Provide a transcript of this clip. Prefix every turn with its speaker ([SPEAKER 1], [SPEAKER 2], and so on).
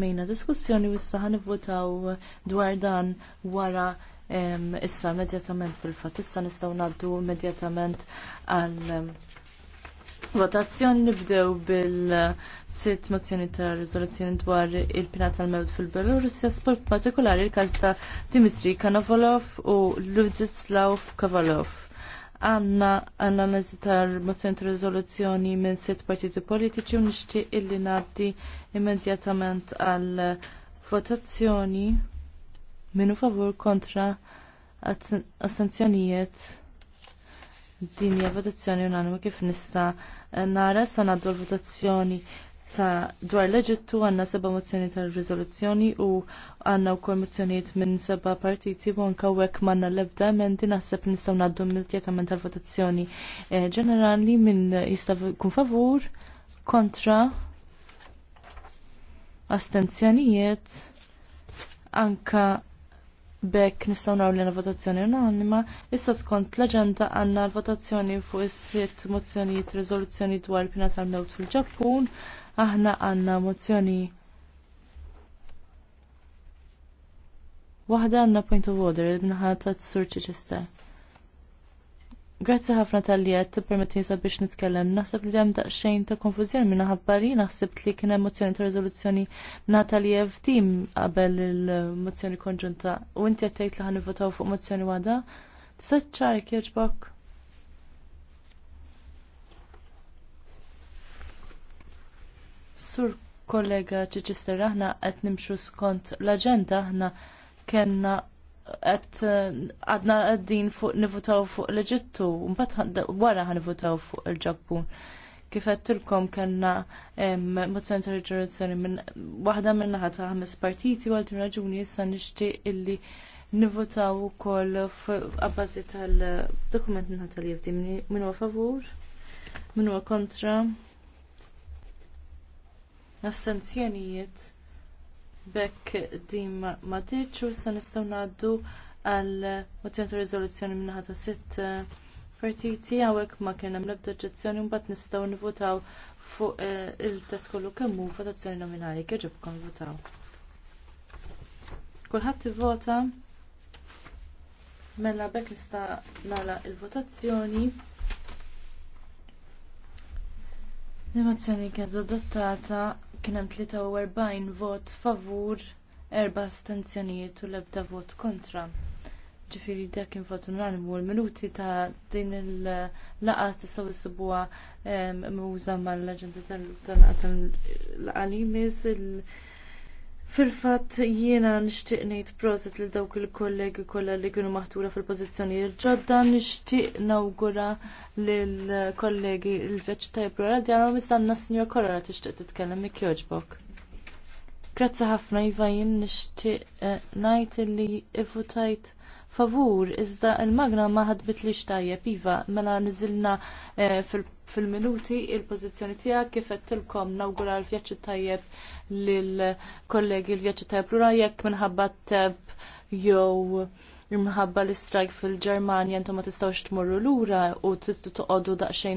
[SPEAKER 1] Mejna diskussjoni wissa ħan votaw dwar dan wara issa immedjatament fil-fat. Issa nistgħu ngħaddu immedjatament għal votazzjoni nibdew bil-sitt mozzjoni ta' riżoluzzjoni dwar il-pina tal-mewt fil-Belorussja, sport partikolari il-każ ta' Dimitri Kanovolov u Ludislav Kavalov għanna għanna nazitar mozzjoni ta' rizoluzzjoni minn sitt partiti politiċi u nixtieq illi ngħaddi immedjatament għal votazzjoni minnu favur kontra astenzjonijiet dinja votazzjoni unanima kif nista' nara sa l-votazzjoni ta' dwar l-Eġittu għanna seba' mozzjoni ta' riżoluzzjoni u għanna wkoll mozzjonijiet minn seba' partiti u anke hekk m'għandna l-ebda emendi naħseb nistgħu ngħaddu mill-tjetament tal-votazzjoni eh, ġenerali minn jista' jkun favur kontra astenzjonijiet anka bekk nistgħu naraw l votazzjoni unanima, issa skont l-aġenda għandna l-votazzjoni fuq is-sitt mozzjonijiet riżoluzzjoni dwar pina tal-mewt fil-Ġappun aħna għandna mozzjoni Waħda għandna point of order minħat ta' Sur ċista. Grazzi ħafna tal-li għed t-permettin sabiex nitkellem. Naħseb li għem daqxejn ta' konfuzjoni minna ħabbari, naħseb li kien mozzjoni ta' rezoluzzjoni minna tal-li tim qabel il-mozzjoni konġunta. U inti għattajt li ħan votaw fuq mozzjoni għada. Tisa ċar kieġbok? Sur kollega ċiċister, aħna qed nimxu skont l-aġenda, aħna kellna għet għadna għaddin fuq nivutaw fuq l-Eġittu, mbagħad wara nivutaw fuq il-Ġappun. Kif tilkom kellna mozzjoni ta' minn waħda minn naħa ħames partiti u għal raġuni issa nixtieq illi nivutaw ukoll f'abbażi tal-dokument naħa tal-jefdi. Min huwa favur? Min huwa kontra? astenzjonijiet bekk din ma dirċu sa nistgħu ngħaddu għal mozzjoni ta' riżoluzzjoni minnaħa ta' sitt eh, partiti hawnhekk ma kien hemm l-ebda oġġezzjoni mbagħad nistgħu nivutaw fuq eh, il-test kollu kemm hu votazzjoni nominali kif ġobkom votaw. Kulħadd ivvota mela bekk nista' nagħlaq il-votazzjoni. L-emozzjoni kienet adottata kien hemm 43 vot favur, erba' astenzjonijiet u l-ebda vot kontra. Ġifieri dak kien vot unanimu l-minuti ta' din il-laqgħa tistgħu issibuha mewża mal-aġenda tal-qalimis il- Fil-fatt jiena nixtieq ngħid proset lil dawk il-kollegi kollha li kienu maħtura fil-pożizzjoni ġodda nixtieq nawgura lill kollegi l-feċ tajb rora djarhom istanna Sinjor Korra tixtieq titkellem mik jogħġbok. Grazzi ħafna Iva jien nixtieq eh, ngħid illi ifutajt favur iżda il-magna ma ħadbit li xtajjeb Iva mela niżilna eh, fil-minuti il-pożizzjoni tiegħek kif qed tilkom nawgura l-vjaġġ tajjeb lil kollegi l-vjaġġ tajjeb lura jekk minħabba teb jew imħabba l-istrajk fil-Ġermanja intom ma tistgħux tmorru lura u titqogħdu daqsxejn